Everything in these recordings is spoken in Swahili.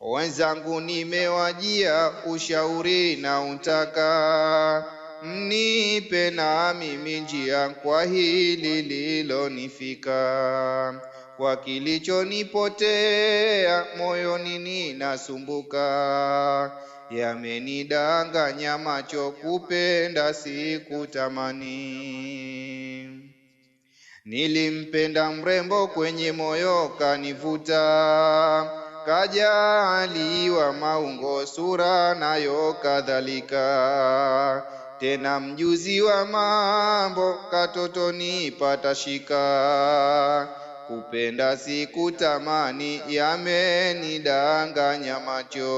wenzangu nimewajia ushauri na untaka, mnipe na mimi njia kwa hili lilonifika. Kwa kilichonipotea moyoni ninasumbuka, yamenidanganya macho kupenda sikutamani. Nilimpenda mrembo kwenye moyo kanivuta Waja Ali wa maungo sura nayo kadhalika, tena mjuzi wa mambo katotoni patashika, kupenda siku tamani yamenidanganya macho.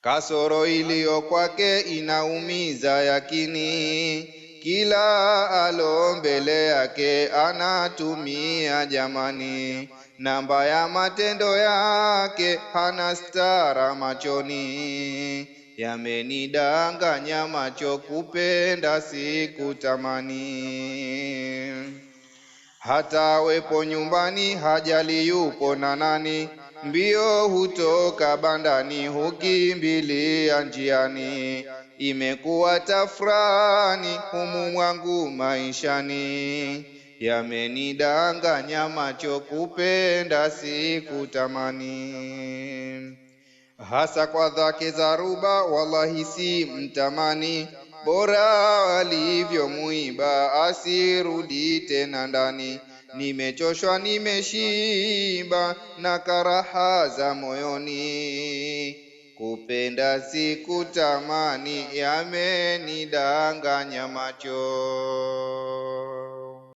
Kasoro iliyo kwake inaumiza yakini kila alo mbele yake anatumia jamani, namba ya matendo yake hana stara machoni. Yamenidanganya macho kupenda sikutamani, hata wepo nyumbani hajali yupo na nani Mbio hutoka bandani, hukimbilia njiani, imekuwa tafrani humu mwangu maishani, yamenidanganya macho, kupenda sikutamani, hasa kwa dhake za ruba, wallahi si mtamani, bora alivyomuiba asirudi tena ndani nimechoshwa, nimeshiba na karaha za moyoni kupenda siku tamani yamenidanganya macho.